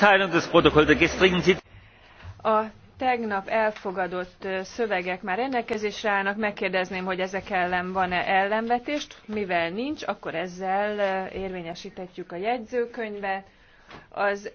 mitteilung des protokolls der gestrigen a tegnap elfogadott szövegek már rendelkezésre állnak megkérdezném hogy ezek ellen van e ellenvetést mivel nincs akkor ezzel érvényestetjük a jegyzőkönyvet az